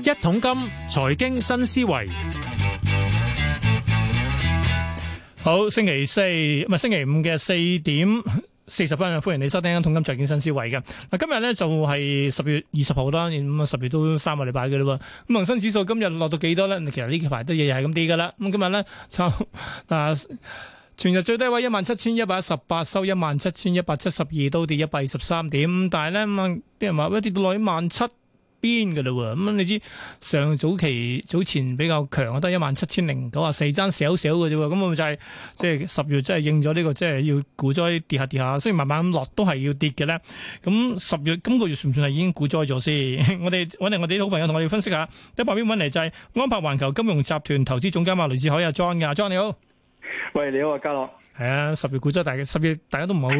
一桶金財經新思維，好星期四唔係星期五嘅四點四十分，歡迎你收聽一桶金財經新思維嘅。嗱，今呢、就是、日咧就係十月二十號啦，咁啊十月都三個禮拜嘅啦。咁恒生指數今日落到幾多咧？其實呢幾排都日日係咁跌噶啦。咁今日咧就嗱、啊、全日最低位一萬七千一百一十八，收一萬七千一百七十二，都跌一百二十三點。但係咧，啲人話會跌到落去萬七。邊嘅咯喎，咁你知上早期早前比較強啊，得一萬七千零九啊，四增少少嘅啫喎，咁我就係即係十月真係、就是、應咗呢、這個即係、就是、要股災跌下跌下，雖然慢慢咁落都係要跌嘅咧，咁、嗯、十月今個月算唔算係已經股災咗先？ 我哋搵嚟我哋啲好朋友同我哋分析下，一旁邊搵嚟就係安柏環球金融集團投資總監啊，雷志海啊，莊啊，莊你好，喂，你好啊，嘉樂。係啊，十月股災，大家十月大家都唔好，都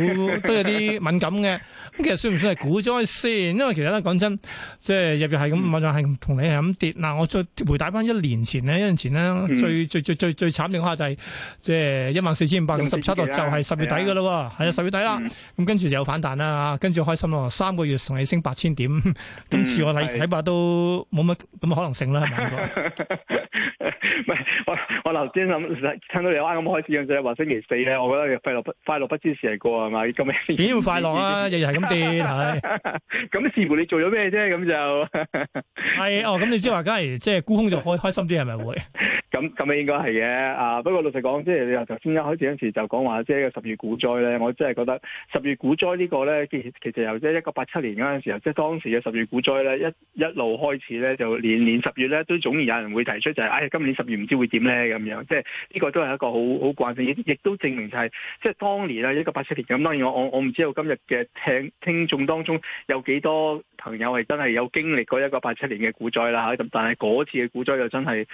有啲敏感嘅。咁 其實算唔算係股災先？因為其實咧講真，即係入月係咁，或者係同你係咁跌。嗱，我再回帶翻一年前呢，一年前呢，嗯、最最最最最慘嘅話就係、是，即係一萬四千五百六十七度，就係十月底噶喎。係、嗯、啊，啊，十月底啦。咁、嗯嗯、跟住，就有反彈啦，跟住開心咯。三個月同你升八千點，今次我睇睇、嗯、都冇乜咁嘅可能性啦，係咪？唔 係， 我我頭先聽到你啱咁開始嗰陣，話星期四。 我覺得快樂不快樂不知時日過係咪？咁樣點會快樂啊？ 日日係咁跌，係咁視乎你做咗咩啫？咁就係 哦。咁、嗯、你即係話，梗係即係沽空就開開心啲，係咪會？咁咁啊，應該係嘅。啊，不過老實講，即係你話頭先一開始嗰陣時就講話，即係十月股災咧，我真係覺得十月股災呢個咧，其其實由即係一九八七年嗰陣時候，即係當時嘅十月股災咧，一一路開始咧，就年年十月咧都總然有人會提出就係，哎呀，今年十月唔知會點咧咁樣。即係呢個都係一個好好慣性，亦亦都證明就係，即係當年呢一個八七年咁。當然我我我唔知道今日嘅聽眾當中有幾多朋友係真係有經歷過一個八七年嘅股災啦嚇。咁但係嗰次嘅股災就真係。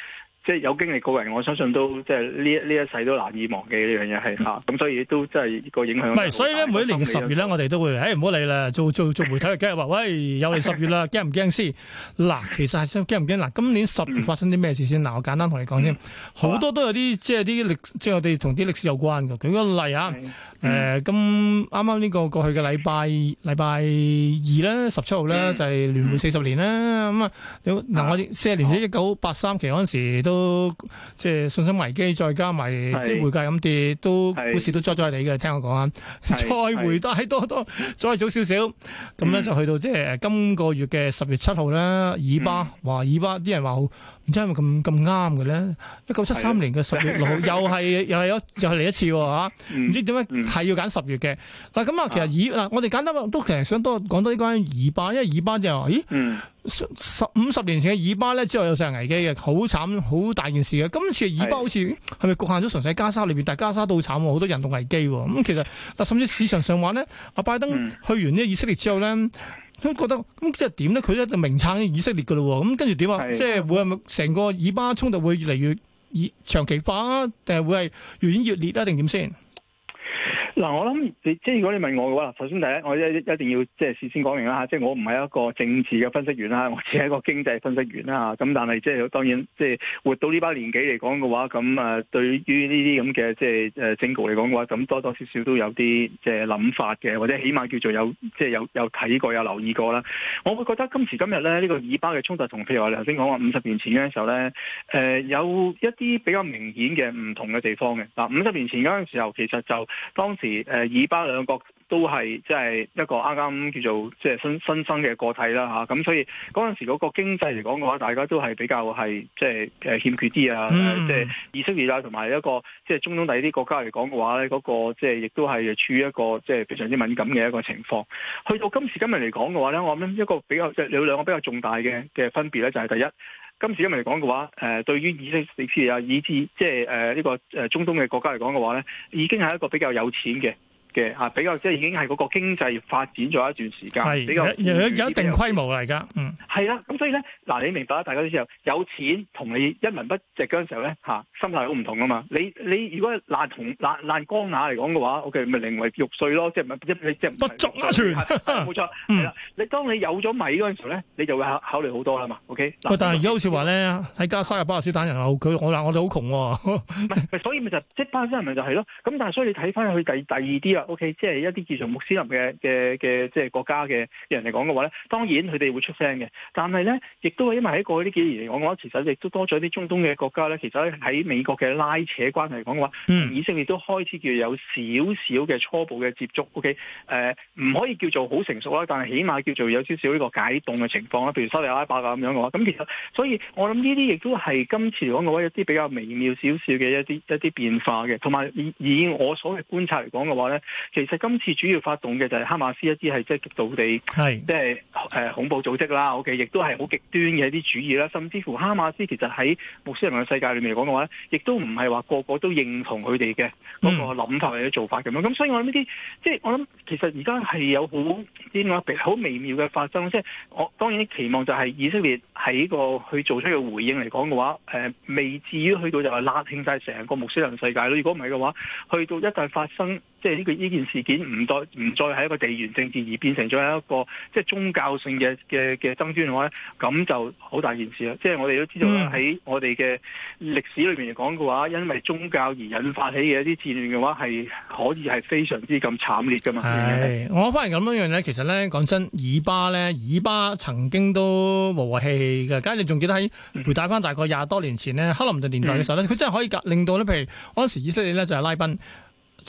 即係有經歷過嘅人，我相信都即係呢呢一世都難以忘記呢樣嘢係嚇。咁所以都真係個影響。唔係，所以咧每一年十月咧， 我哋都會誒唔好理啦，做做做媒體嘅梗係話，喂又嚟十月怕怕 啦，驚唔驚先？嗱，其實係驚唔驚？嗱，今年十月發生啲咩事先？嗱、嗯，我簡單同你講先。好、嗯、多都有啲即係啲歷，即係我哋同啲歷史有關嘅。舉個例啊，咁啱啱呢個過去嘅禮拜禮拜二咧，十七號咧就係、是、聯匯四十年啦。咁、嗯嗯嗯、啊，嗱我四十年即係一九八三期嗰陣時都。都即係信心危機，再加埋即係匯價咁跌，都股市都捉咗你嘅。聽我講啊，再回帶多多，再早少少，咁咧就去到即係、呃、今個月嘅十月七號啦。以巴話以巴啲人話好。唔知係咪咁咁啱嘅咧？一九七三年嘅十月六號， 又係又係有又係嚟一次喎、啊。唔、嗯、知點解係要揀十月嘅嗱？咁、嗯、啊，其實以嗱、啊，我哋簡單都其實想多講多啲關於以巴，因為以巴就話咦，嗯、十五十年前嘅以巴咧，之後有成人危機嘅，好慘，好大件事嘅。今次嘅以巴好似係咪局限咗純粹加沙裏面？但加沙都好慘喎，好多人道危機喎。咁、嗯、其實嗱、啊，甚至市場上話咧，阿拜登去完呢以色列之後咧。都覺得咁即係點呢？佢咧就明撐以色列噶喇喎，咁跟住點啊？即係會唔會成個以巴衝突會越嚟越長期化啊？定係會係越演越烈啊？定點先？嗱，我諗你即係如果你問我嘅話啦，首先第一，我一一定要即係事先講明啦，即係我唔係一個政治嘅分析員啦，我只係一個經濟分析員啦。咁但係即係當然，即係活到呢把年紀嚟講嘅話，咁啊，對於呢啲咁嘅即係誒政局嚟講嘅話，咁多多少少都有啲即係諗法嘅，或者起碼叫做有即係有有睇過、有留意過啦。我會覺得今時今日咧，呢個以巴嘅衝突同譬如話頭先講話五十年前嗰陣時候咧，誒有一啲比較明顯嘅唔同嘅地方嘅。嗱，五十年前嗰陣時候，其實就當時。而以巴兩國都係即係一個啱啱叫做即係新新生嘅個體啦嚇，咁所以嗰陣時嗰個經濟嚟講嘅話，大家都係比較係即係誒欠缺啲啊，即、嗯、係以色列啊，同埋一個即係中東第二啲國家嚟講嘅話咧，嗰、那個即係亦都係處於一個即係非常之敏感嘅一個情況。去到今時今日嚟講嘅話咧，我諗一個比較即係、就是、有兩個比較重大嘅嘅分別咧，就係第一。今時今日嚟講嘅話，誒對於以色列啊，以至即係誒呢個誒中東嘅國家嚟講嘅話咧，已經係一個比較有錢嘅。嘅嚇比較即係已經係嗰個經濟發展咗一段時間，係比較，比較有，有一定規模嚟㗎。嗯，係啦，咁所以咧嗱，你明白啦，大家都知道，有錢同你一文不值嗰陣時候咧嚇，心態好唔同啊嘛。你你如果爛同爛爛光眼嚟講嘅話，O K.，咪另外肉碎咯，即係咪即係不足安全，冇、啊、錯、嗯。你當你有咗米嗰陣時候咧，你就會考考慮多、okay? 好多啦嘛。O K.，但係而家好似話咧，喺加沙入邊巴勒斯坦人，佢我話我哋好窮喎、哦。 所以咪就即班、就是、巴沙人咪就係咯。咁但係所以你睇翻去第第二啲啊。O.K. 即係一啲叫做穆斯林嘅嘅嘅即係國家嘅人嚟講嘅話咧，當然佢哋會出聲嘅。但係咧，亦都係因為喺過去呢幾年嚟講嘅話，其實亦都多咗啲中東嘅國家咧。其實喺美國嘅拉扯關係嚟講嘅話，以色列都開始叫做有少少嘅初步嘅接觸。O.K. 誒、呃，唔可以叫做好成熟啦，但係起碼叫做有少少呢個解凍嘅情況啦。譬如沙利阿拉伯咁樣嘅話，咁其實所以我諗呢啲亦都係今次嚟講嘅話，一啲比較微妙少少嘅一啲一啲變化嘅，同埋以我所謂觀察嚟講嘅話咧。其實今次主要發動嘅就係哈馬斯一啲係即係極度地，即係誒恐怖組織啦。OK，亦都係好極端嘅一啲主義啦。甚至乎哈馬斯其實喺穆斯林嘅世界裏面嚟講嘅話，亦都唔係話個個都認同佢哋嘅嗰個諗法或者做法咁咯。咁、嗯、所以我諗呢啲，即、就、係、是、我諗其實而家係有好啲話，譬如好微妙嘅發生。即、就、係、是、我當然期望就係以色列喺個去做出嘅回應嚟講嘅話，誒、呃、未至於去到就係拉興晒成個穆斯林世界咯。如果唔係嘅話，去到一旦發生。即係呢個呢件事件唔再唔再係一個地緣政治，而變成咗一個即係宗教性嘅嘅嘅爭端嘅話，咁就好大件事啦。即係我哋都知道喺我哋嘅歷史裏邊嚟講嘅話，因為宗教而引發起嘅一啲戰亂嘅話，係可以係非常之咁慘烈噶嘛。係，我反而咁樣樣咧，其實咧講真，以巴咧，以巴曾經都和和氣氣嘅。咁你仲記得喺回帶翻大概廿多年前咧，克、嗯、林頓年代嘅時候咧，佢真係可以令到咧，譬如嗰陣時以色列咧就係拉賓。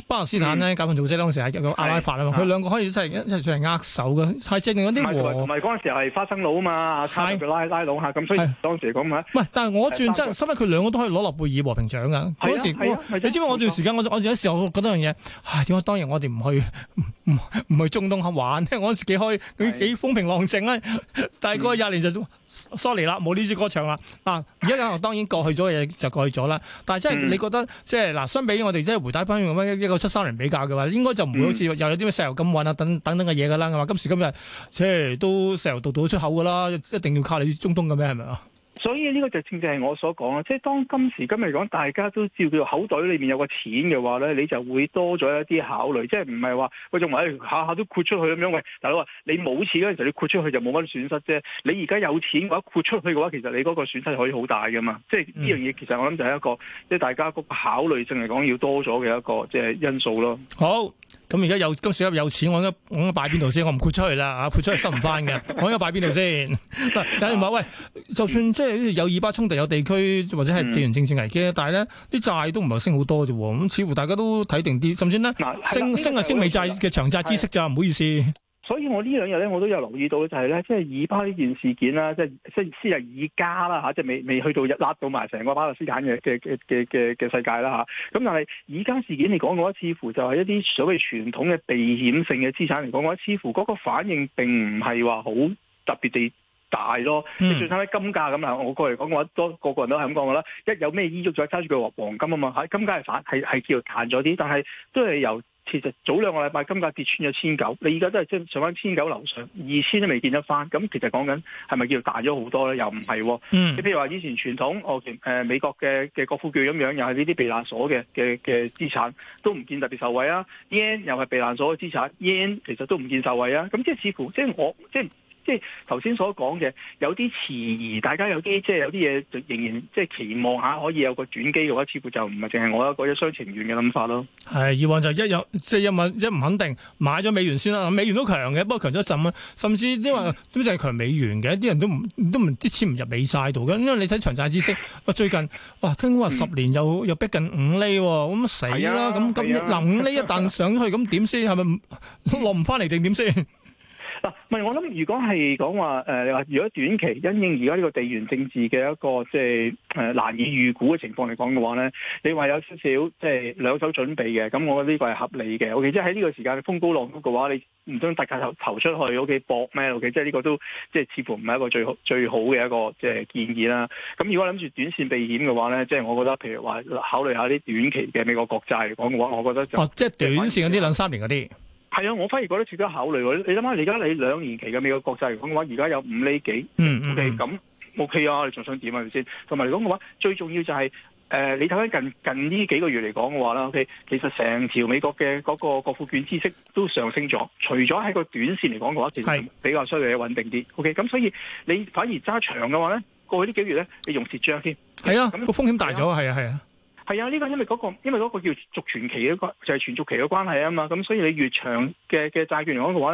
巴勒斯坦呢，解放組織嗰陣時係個阿拉法啊嘛，佢、嗯、兩個可以真係一一齊嚟握手嘅，太正係嗰啲和。唔係嗰陣時係花生佬啊嘛，拉佢拉拉攏下，咁所以當時咁啊。唔係，但係我轉真，收尾佢兩個都可以攞諾貝爾和平獎噶。嗰、啊啊啊啊、你知唔知我段時間，我我有時我覺得這樣嘢、啊，唉，點解當然我哋唔去唔、啊、去中東嚇玩咧？我嗰時幾開幾幾風平浪靜啊，但係過廿年就 sorry 啦，冇呢支歌唱啦。而家當然過去咗嘢就過去咗啦，但係真係你覺得即係嗱，相比我哋即係回打翻一個九七三年比較嘅話，應該就唔會好似又有啲咩石油禁運啊等等等嘅嘢㗎啦。咁啊，今時今日，即係都石油度度都出口㗎啦，一定要靠你中東嘅咩啊？是所以呢個就正正係我所講啦，即係當今時今日講，大家都照叫口袋裏面有個錢嘅話咧，你就會多咗一啲考慮，即係唔係話喂，仲話，下、哎、下都豁出去咁樣？喂，大佬啊，你冇錢嗰陣時你豁出去就冇乜損失啫。你而家有錢或者豁出去嘅話，其實你嗰個損失可以好大噶嘛。即係呢、嗯、樣嘢，其實我諗就係一個即係大家嗰個考慮性嚟講，要多咗嘅一個即係因素咯。好。咁而家有今時有錢，我應該我應該擺邊度先？我唔豁出去啦，啊，豁出去收唔翻嘅， 我應該擺邊度先？有、 啊、人話：喂，就算即係有以巴衝突，有地區或者係地緣政治危機，嗯、但係咧啲債都唔係升好多啫。咁似乎大家都睇定啲，甚至咧、啊、升升升美債嘅長債知識咋，唔好意思。所以我呢兩日咧，我都有留意到咧，就係咧，即係以巴呢件事件啦，即係即係先係以家啦，即係未未去到一拉到埋成個巴勒斯坦嘅嘅嘅嘅嘅世界啦，咁，但係以家事件嚟講嘅話，似乎就係一啲所謂傳統嘅避險性嘅資產嚟講嘅話，似乎嗰個反應並唔係話好特別地大咯。你算睇呢，金價咁啦，我個人嚟講嘅話，多個個人都係咁講嘅啦。一有咩衣郁，再揸住佢個黃金啊嘛，金價係反係係叫彈咗啲，但係都係由。其實早兩個禮拜金價跌穿咗千九，你而家都係即係上翻千九樓上，二千都未見得翻。咁其實講緊係咪叫大咗好多咧？又唔係、啊。嗯，你譬如話以前傳統，我、呃、誒美國嘅嘅國庫券咁樣，又係呢啲避難所嘅嘅嘅資產，都唔見特別受惠啊。yen 又係避難所嘅資產 yen 其實都唔見受惠啊。咁即係似乎即係、就是、我即係。就是即係頭先所講嘅，有啲遲疑，大家有啲即係有啲嘢，仍然即係期望下可以有個轉機嘅話，似乎就唔係淨係我一、那個一廂情願嘅諗法咯。係、啊，以往就一有即係、就是、一唔肯定買咗美元先啦，美元都強嘅，不過強咗一陣啊，甚至因為點解淨係強美元嘅？啲人都唔都唔啲錢唔入美債度嘅，因為你睇長債孳息最近哇聽講話十年又、嗯、又逼近五釐喎、哦，咁死啦！咁咁臨五釐一旦上去咁點先係咪落唔翻嚟定點先？ 怎 嗱、啊，唔係我諗，如果係講話誒，你、呃、如果短期因應而家呢個地緣政治嘅一個即係誒難以預估嘅情況嚟講嘅話咧，你話有少少即係兩手準備嘅，咁我覺得呢個係合理嘅。OK，即係喺呢個時間風高浪高嘅話，你唔通特價投投出去 OK 搏咩？OK，即係呢個都即係、就是、似乎唔係一個最好最好嘅一個即係、就是、建議啦。咁如果諗住短線避險嘅話咧，即、就、係、是、我覺得譬如話考慮下啲短期嘅美國國債嚟講嘅話，我覺得就哦、啊，即係短線嗰啲兩三年嗰啲。係啊，我反而覺得值得考慮。你諗下，你而家你兩年期嘅美國國債嚟講嘅話，而家有五厘幾。嗯 O K，咁 O K 啊，你仲想點啊？咪先？同埋嚟講嘅話，最重要就係誒，你睇下近近呢幾個月嚟講嘅話啦。O、okay, K，其實成條美國嘅嗰個國庫券孳息都上升咗，除咗喺個短線嚟講嘅話，其實比較相對穩定啲。O K，咁所以你反而揸長嘅話咧，過去呢幾個月咧，你用蝕張添。係啊，咁、嗯、個風險大咗，係啊，係啊。係啊。係啊，呢個因為嗰個因為嗰個叫續存期嘅關，就係存續期嘅關係啊嘛，咁所以你越長嘅嘅債券嚟講嘅話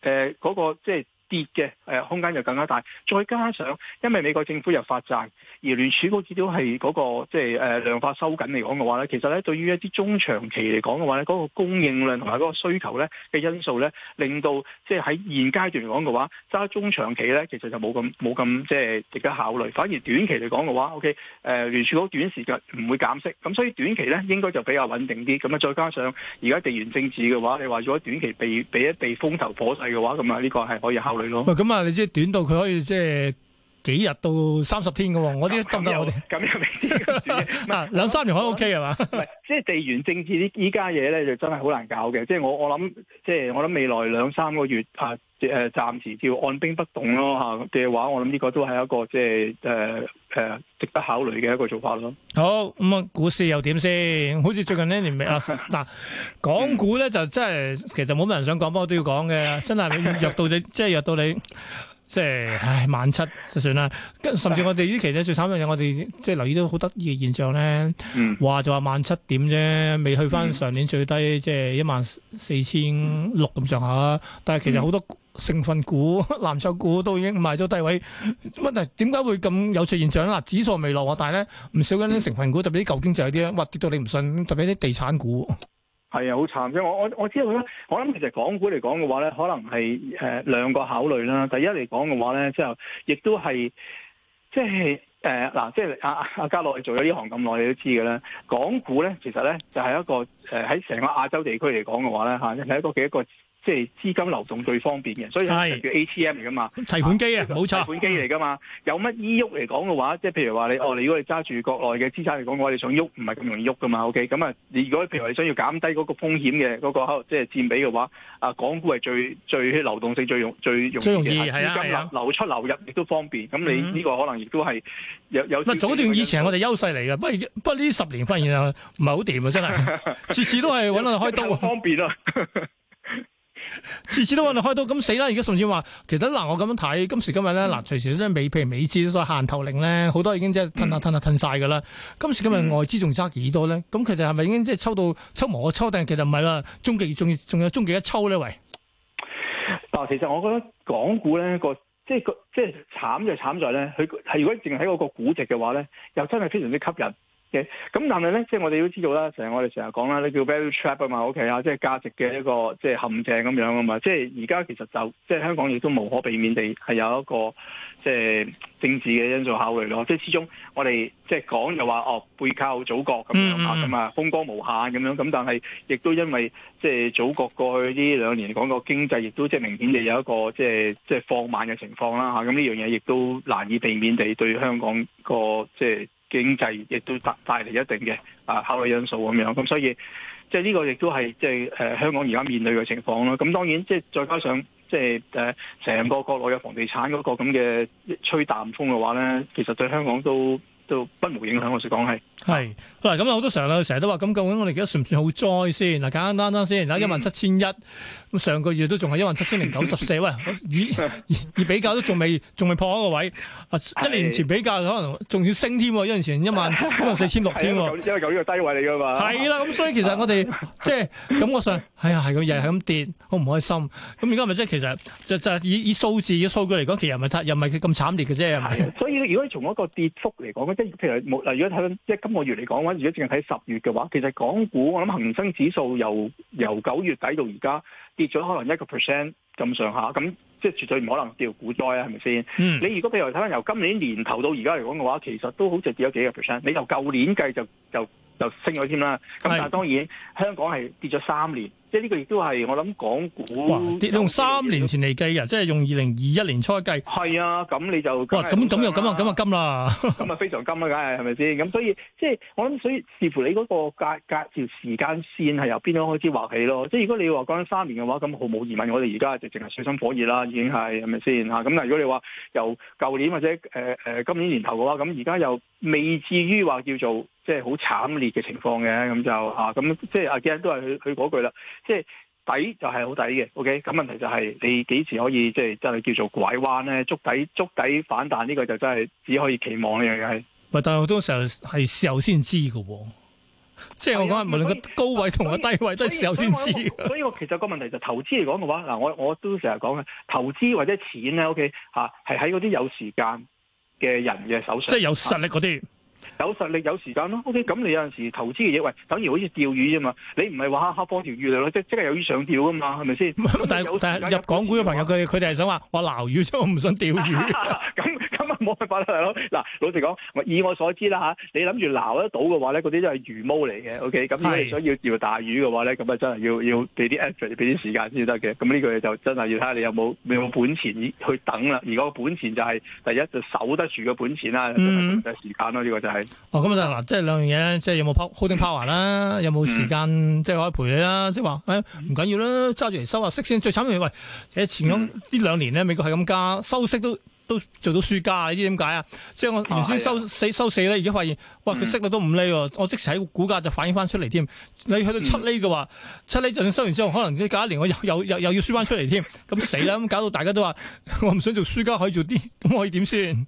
咧，誒，嗰個即係。 跌嘅誒空間就更加大，再加上因為美國政府又發債，而聯儲局指標係嗰個即係誒量化收緊嚟講嘅話咧，其實咧對於一啲中長期嚟講嘅話咧，嗰個供應量同埋嗰個需求咧嘅因素咧，令到即係喺現階段嚟講嘅話，揸中長期咧其實就冇咁冇咁即係值得考慮，反而短期嚟講嘅話，O K 誒聯儲局短時間唔會減息，咁所以短期咧應該就比較穩定啲。咁啊，再加上而家地緣政治嘅話，你話如果短期避避一避風頭火勢嘅話，咁啊呢個係可以考慮嘅。喂，咁啊，你即係短到佢可以即係。幾日到三十天嘅，我啲得唔得？我啲咁又未知。嗱，兩、 啊、三年可 OK 係嘛？即係地緣政治呢？依家嘢咧，就真係好難搞嘅。即係我我諗，即係我諗未來兩三個月啊，誒，暫時叫按兵不動咯吓嘅話，我諗呢個都係一個即係誒誒，值得考慮嘅一個做法咯。好，咁、嗯、啊，股市又點先？好似最近呢年尾 啊，嗱，港股咧 就真係，其實冇乜人想講，不過都要講嘅，真係約到你， 即係約到你。即係，唉，萬七就算啦。跟甚至我哋呢期咧最慘嘅嘢，我哋即係留意到好得意嘅現象咧，話、嗯、就話萬七點啫，未去翻上年最低，嗯、即係一萬四千六咁上下。但係其實好多成分股、藍籌股都已經賣咗低位。問題點解會咁有趣現象啦，指數未落，但係咧唔少緊啲成分股，特別啲舊經濟嗰啲，哇，跌到你唔信。特別啲地產股。係啊，好慘啫！我我我知道咧，我諗其實港股嚟講嘅話咧，可能係誒、呃、兩個考慮啦。第一嚟講嘅話咧，之後亦都係即係誒嗱，即係阿阿家樂做咗呢行咁耐，你都知嘅啦。港股咧，其實咧就係、是、一個誒喺成個亞洲地區嚟講嘅話咧嚇，係、啊就是、一個幾一個。即係資金流動最方便嘅，所以係叫 ATM 嚟噶嘛，提款機啊，冇、啊、錯，提款機嚟噶嘛。嗯、有乜依喐嚟講嘅話，即係譬如話你、嗯、哦，你如果係揸住國內嘅資產嚟講嘅話，你想喐唔係咁容易喐噶嘛。OK，咁啊，如果譬如話你想要減低嗰個風險嘅嗰、嗰個即係佔比嘅話，啊，港股係最最流動性最，最容易最容易，啊、資金流，是、啊是啊、流出流入亦都方便。咁你呢個可能亦都係有有。早、嗯、段以前係我哋優勢嚟嘅， 不過不過呢十年發現啊，唔係好掂啊，真係次次都係揾我哋開刀啊， 方便啊。 次次都話你開到咁死啦！而家甚至話，其實嗱，呃，我咁樣睇，今時今日咧，嗱，呃，隨時都係，美，譬如美資都限頭令咧，好多已經即係吞下吞下吞晒噶啦。今時今日外資仲揸幾多咧？咁其實係咪已經即係抽到抽磨抽？但其實唔係啦，終極仲仲有終極一抽咧，喂！嗱，其實我覺得港股咧個即係個即係慘就慘在咧，佢係如果淨係喺嗰個估值嘅話咧，又真係非常之吸引。咁但係咧，即係我哋都知道啦，成日我哋成日講啦，你叫 value trap 啊嘛，OK 啊，即係價值嘅一個即係陷阱咁樣啊嘛，即係而家其實就即係香港亦都無可避免地係有一個即係政治嘅因素考慮咯，即係始終我哋即係講又話哦，背靠祖國咁樣咁啊，風光無限咁樣，咁但係亦都因為即係祖國過去呢兩年嚟講個經濟，亦都即係明顯地有一個即係即係放慢嘅情況啦吓，咁呢樣嘢亦都難以避免地對香港個即係。經濟亦都帶帶嚟一定嘅啊考慮因素咁樣，咁所以即係呢個亦都係即係誒香港而家面對嘅情況囉。咁當然即係再加上即係誒成個國內嘅房地產嗰個咁嘅吹淡風嘅話咧，其實對香港都就不無影響，我説講係係嗱，咁啊好多時候咧，成日都話咁，究竟我哋而家算唔算好災先？嗱，簡簡單單先，嗱、嗯，一萬七千一，咁上個月都仲係一萬七千零九十四，喂，而而比較都仲未仲未破嗰個位，一年前比較可能仲要升添，一年前一萬一萬四千六添喎，因為由於個低位嚟㗎嘛，係啦，咁所以其實我哋即係感覺上，啊就是、 哎呀，係個日係咁跌，好唔開心。咁而家咪即係其實就是、就是、以以數字嘅數據嚟講，其實咪又唔係咁慘烈嘅啫，係啊。所以如果你從一個跌幅嚟講即係譬如如果睇翻，即係今個月嚟講嘅話，如果淨係睇十月嘅話，其實港股我諗恒生指數由由九月底到而家跌咗可能一個 percent 咁上下，咁即係絕對唔可能掉股災啊，係咪先？嗯、你如果譬如睇翻由今年年頭到而家嚟講嘅話，其實都好似跌咗幾個 percent，你由舊年計就就就升咗添啦。咁但係當然香港係跌咗三年。即係呢個亦都係我諗港股，哇！你用三年前嚟計啊，即係用二零二一年初計。係啊，咁你就哇，咁咁又咁啊，咁啊金啦，咁 啊非常金啦、啊，梗係係咪先？咁所以即係我諗，所以視乎你嗰個格格條時間線係由邊度開始畫起咯。即係如果你話講三年嘅話，咁毫無疑問，我哋而家就淨係水深火熱啦，已經係係咪先嚇？咁嗱，如果你話由舊年或者、呃、今年年頭嘅話，咁而家又未至於話叫做。即係好慘烈嘅情況嘅，咁就吓咁、啊，即係阿 g 都係佢佢嗰句啦。即係底就係好底嘅，OK。咁問題就係你幾時可以即係真係叫做拐彎咧？捉底捉底反彈呢，這個就真係只可以期望呢樣嘢。係，但係好多時候係事後先知喎。即係我講無論個高位同個低位都係事後先知。所以我其實個問題就是，投資嚟講嘅話，嗱，我我都成日講嘅投資或者錢咧，OK 吓係喺嗰啲有時間嘅人嘅手上，即係有實力嗰啲。有實力有時間咯，OK，咁你有陣時投資嘅嘢，喂，等如好似釣魚啊嘛，你唔係話嚇放條魚嚟咯，即即係有魚上釣啊嘛，係咪先？但係入港股嘅朋友，佢佢哋係想話我撈魚，我唔想釣魚。咁咁啊冇辦法啦，大佬，嗱，老實講，以我所知啦嚇，你諗住撈得到嘅話咧，嗰啲都係魚毛嚟嘅，OK，咁你想要釣大魚嘅話咧，咁啊真係要要俾啲俾啲時間先得嘅。咁呢個就真係要睇下你有冇有冇本錢去等啦。而個本錢就係、係、第一就守得住嘅本錢啦，就係時間咯，呢、嗯呢個就係。咁哦咁啊嗱，即係兩樣嘢，即係有冇 holding power 啦，嗯，有冇時間，嗯，即係可以陪你，哎，係啦，即係話，誒唔緊要啦，揸住嚟收下息先。最慘嘅嘢，喂，其實前咁呢兩年咧，美國係咁加收息都，都都做到輸家你知點解啊？即係我原先收四收四咧，而家發現，哇，佢息率都五厘喎。我即時喺股價就反映翻出嚟添。你去到七厘嘅話，七厘就算收完之後，可能隔一年我又又又又要輸翻出嚟添，咁死啦！咁搞到大家都話，我唔想做輸家，可以做啲，咁可以點先？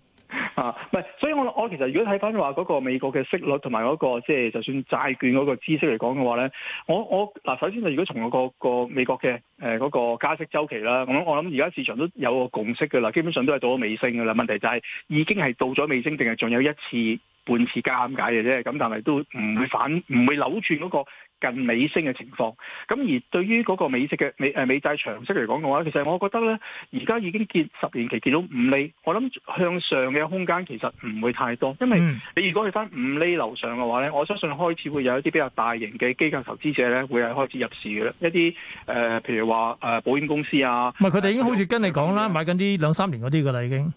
啊，唔係，所以我我其實如果睇翻話嗰個美國嘅息率同埋嗰個即係就算債券嗰個孳息嚟講嘅話咧，我我嗱，首先就如果從、嗰個嗰個美國嘅誒嗰個加息周期啦，咁我諗而家市場都有個共識嘅啦，基本上都係到咗尾聲嘅啦。問題就係已經係到咗尾聲，定係仲有一次半次加咁解嘅啫。咁但係都唔會反唔會扭轉嗰、嗰個。近尾升嘅情況，咁而對於嗰個美息嘅美誒美債長息嚟講嘅話，其實我覺得咧，而家已經見十年期見到五厘，我諗向上嘅空間其實唔會太多，因為你如果去返五厘樓上嘅話咧，我相信開始會有一啲比較大型嘅機構投資者咧，會係開始入市嘅一啲誒、呃，譬如話誒、呃、保險公司啊，唔係佢哋已經好似跟你講啦，買緊啲兩三年嗰啲噶啦已經。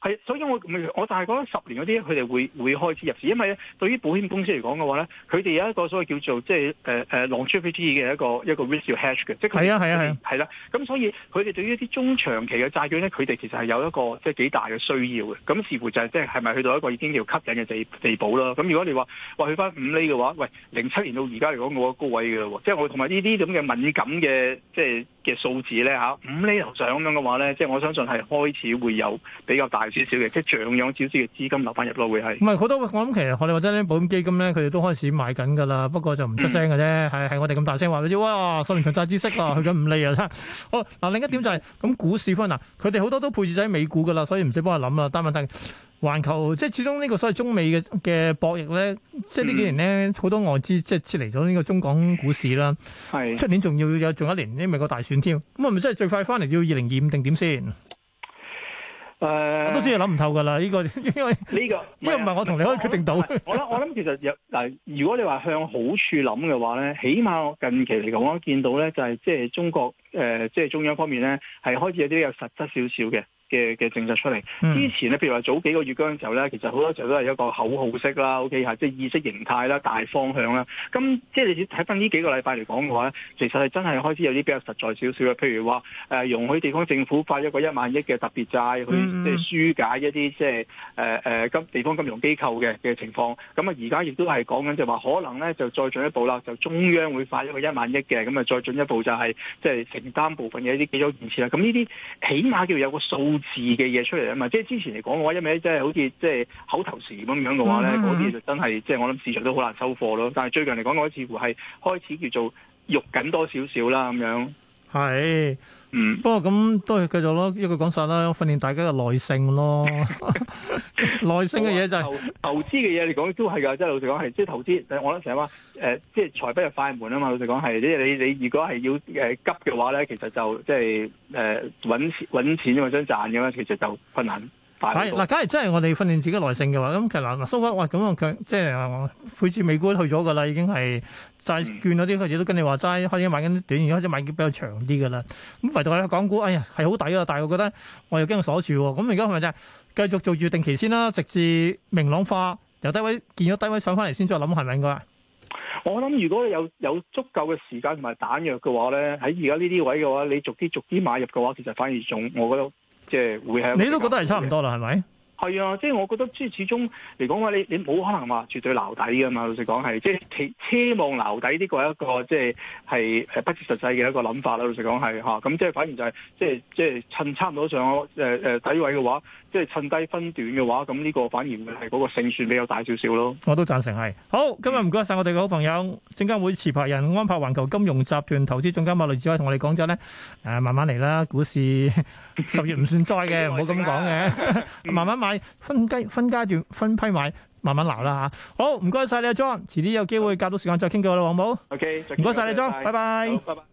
係，所以我我大概十年嗰啲佢哋會會開始入市，因為呢對於保險公司嚟講嘅話咧，佢哋有一個所謂叫做即係誒誒 longevity 嘅一個一個 risk to hedge 嘅、啊。係、就是、啊係啊係係啦，咁、啊、所以佢哋對於一啲中長期嘅債券咧，佢哋其實係有一個即係幾大嘅需要嘅。咁似乎就係即係係咪去到一個已經叫吸引嘅地地步啦？咁如果你話話去返五厘嘅話，喂，零七年到而家嚟講冇個高位嘅喎，即、就、係、是、我同埋呢啲咁嘅敏感嘅即係。就是嘅數字咧吓，五厘頭上咁樣嘅話咧，即係我相信係開始會有比較大少少嘅，即係像樣少少嘅資金流翻入咯，會係。唔係好多，我諗其實我哋或者保險基金咧，佢哋都開始買緊㗎啦，不過就唔出聲嘅啫，係、嗯、我哋咁大聲話你知，哇！十年長債息啊，去緊五厘啊，真。 好嗱，另一點就係、是、咁、嗯、股市方面，佢哋好多都配置喺美股㗎啦，所以唔使幫我諗啦。但係問題環球即係始終呢個所謂中美嘅嘅博弈咧，即係呢幾年咧好多外資即係撤離咗呢個中港股市啦。係，出年仲要有仲一年，呢美國大選添。咁啊，咪即係最快翻嚟要二零二五定點先。誒、呃，我都真係諗唔透噶啦，呢個因為呢個，因為唔係、這個、我同你可以決定到。我諗 我諗，我其實有嗱，如果你話向好處諗嘅話咧，起碼近期嚟講，我見到咧就係即係中國誒，即、呃、係、就是、中央方面咧係開始有啲有實質少少嘅。嘅嘅政策出嚟，之前咧，譬如話早幾個月嗰陣時候咧，其實好多時候都係一個口號式啦，OK 嚇，即係意識形態啦、大方向啦。咁即係你睇翻呢幾個禮拜嚟講嘅話咧，其實係真係開始有啲比較實在少少嘅，譬如話誒容許地方政府發一個一萬億嘅特別債去即係疏解一啲即係誒誒金地方金融機構嘅嘅情況。咁啊，而家亦都係講緊就話可能咧就再進一步啦，就中央會發一個一萬億嘅，咁啊再進一步就係即係承擔部分嘅一啲基礎建設啦。咁呢啲起碼叫有個數。事嘅嘢出嚟啊嘛，即係之前嚟講嘅話，因為即係好似即係口頭禪咁樣嘅話咧，嗰啲就真係即係我諗市場都好難收貨咯。但係最近嚟講，我似乎係開始叫做肉緊多少少啦咁樣。係、嗯，不過咁都係繼續咯，一句講晒啦，訓練大家嘅耐性咯。 耐性嘅嘢就係、是、投資嘅嘢，你講都係噶，即係老實講係，即係投資。我諗成日話，誒，即係財不入快門啊嘛。老實講係，即係你你如果係要誒急嘅話咧，其實就即係誒搵錢搵錢，我想賺嘅咧，其實就困難。嗱，假如真係我哋訓練自己耐性嘅話，咁其實嗱嗱，蘇哥，咁樣，強即係啊，配置美股都去咗㗎啦，已經係債券嗰啲嘅嘢都跟你話齋，開始買緊短，而家開始買啲比較長啲㗎啦。咁唯獨係港股，哎呀係好抵啊，但係我覺得我又驚佢鎖住喎。咁而家係咪就係、是、繼續做住定期先啦？直至明朗化，由低位見咗低位上翻嚟先再諗係咪應該？我諗如果有有足夠嘅時間同埋彈藥嘅話咧，喺而家呢啲位嘅話，你逐啲逐啲買入嘅話，其實反而仲我覺得。即係會係，你都覺得係差唔多啦，係咪？係啊，即係我覺得，即係始終嚟講話，你你冇可能話絕對撈底㗎嘛。老實講係，即係奢望撈底呢個係一個即係係不切實際嘅一個諗法啦。老實講係吓，咁即係反而就係、是、即係即係趁差唔多上誒誒、呃呃、底位嘅話。即係趁低分短嘅話，咁呢個反而會係嗰個勝算比較大少少咯。我都贊成係。好，今日唔該晒我哋嘅好朋友證監、嗯、會持牌人安柏環球金融集團投資總監馬雷志海同我哋講咗咧，誒、呃，慢慢嚟啦，股市 十月唔算災嘅，唔好咁講嘅， 慢慢買，分階分階段分批買，慢慢嚟啦吓。好，唔該晒你啊，莊，遲啲有機會夾到時間再傾偈啦，好唔好？O K，唔該晒你啊，莊， 拜拜，拜拜。